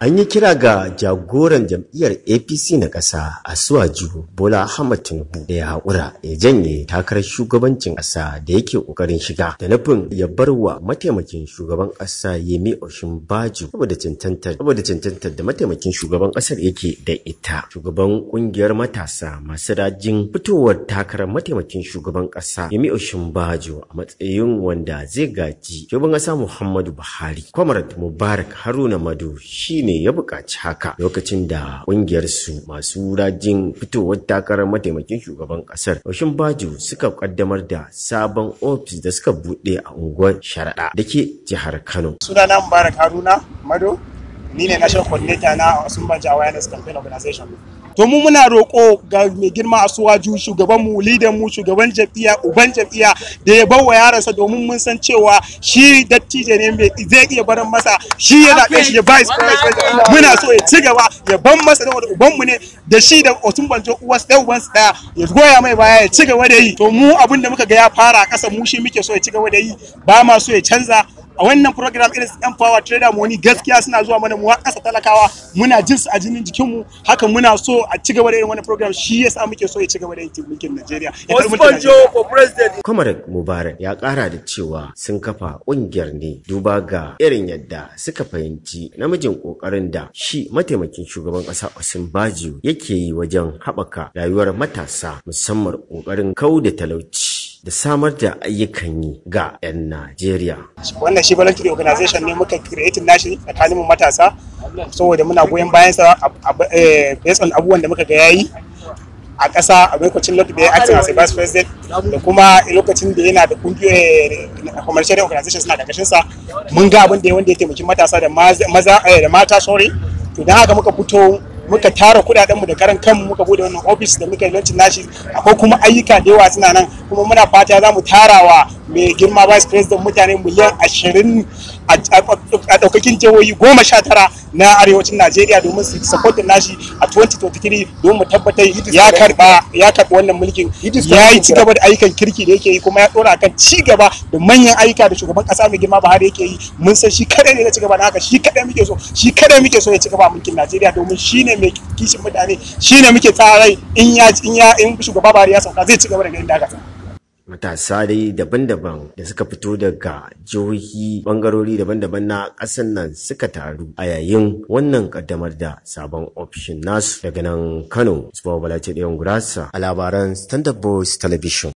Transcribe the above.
An yi kira ga jagoran jam'iyyar APC na ƙasa a suwaju Bola Ahmad Tinubu da ya haƙura ya janye takarar shugabancin ƙasa da yake ƙoƙarin shiga da nufin ya bar wa mataimakin shugaban ƙasa Yemi Oshinbajo saboda cancantar saboda cancantar da mataimakin shugaban ƙasar yake da ita. Shugaban ƙungiyar matasa masu rajin fitowar takarar mataimakin shugaban ƙasa Yemi Oshinbajo a matsayin wanda zai gaji shugaban ƙasa Muhammadu Buhari. Kwamarat Mubarak Haruna Madu shi ne ya buƙaci haka lokacin da ƙungiyarsu masu rajin fitowar takarar mataimakin shugaban ƙasar Oshin Baju suka ƙaddamar da sabon ofis da suka buɗe a unguwar Sharaɗa da ke jihar Kano. Sunana Mubarak Haruna Mado ni ne national coordinator na Osunbaja Awareness Campaign Organization. To mu muna roƙo ga mai girma a suwaju shugaban mu lidan mu shugaban jam'iyya uban jam'iyya da ya bawa yaransa domin mun san cewa shi dattijo ne mai zai iya barin masa shi ya zaɓe shi ya vice president muna so ya ci gaba ya ban masa da uban mu ne da shi da banjo uwas da uban sa ɗaya ya goya mai baya ya ci gaba da yi to mu abin da muka ga ya fara a ƙasa mu shi muke so ya ci gaba da yi ba ma so ya canza a wannan program irin empower trader money gaskiya suna zuwa mana muwa kasa talakawa muna jin su a jinin jikin mu haka muna so a ci gaba da irin wannan program shi yasa muke so ya ci gaba da yin mulkin Najeriya Osbanjo for president Mubarak ya kara da cewa sun kafa kungiyar ne duba ga irin yadda suka fahimci namijin kokarin da shi mataimakin shugaban kasa Osin Bajo yake yi wajen haɓaka rayuwar matasa musamman kokarin da talauci da samar da ayyukan yi ga 'yan Najeriya. Wannan shi voluntary organization ne muka creating nashi tsakanin matasa saboda muna goyon bayan sa eh, based on abubuwan da muka ga yayi a ƙasa a lokacin da ya acting as a vice president da kuma lokacin da yana da kungiyar eh, commercial organization suna ƙarƙashin sa mun ga abin da wanda ya taimaki matasa da maza eh, da mata sorry to dan haka muka fito muka tara kudaden mu da karan kanmu muka bude wannan office da muka yi nashi akwai kuma ayyuka da yawa suna nan kuma muna fata za mu tarawa mai girma vice president mutane miliyan ashirin a ɗaukakin jihohi goma sha tara na arewacin najeriya domin su na nashi a 2023 domin mu tabbatar ya karba ya karba wannan mulkin ya yi ci gaba da ayyukan kirki da yake yi kuma ya dora akan ci gaba da manyan ayyuka da shugaban kasa mai girma Buhari yake yi mun san shi kadai ne na ci gaba na haka shi kadai muke so shi kadai muke so ya ci gaba mulkin Najeriya domin shine mai kishin mutane shine muke tsara in ya in ya in shugaba Buhari ya sauka zai ci gaba daga ganin daga. matasa dai daban-daban da suka fito daga jihohi bangarori daban-daban na ƙasar nan suka taru a yayin wannan kaddamar da sabon ofishin nasu daga nan kano su bala ce ɗayan gurasa a labaran standard voice television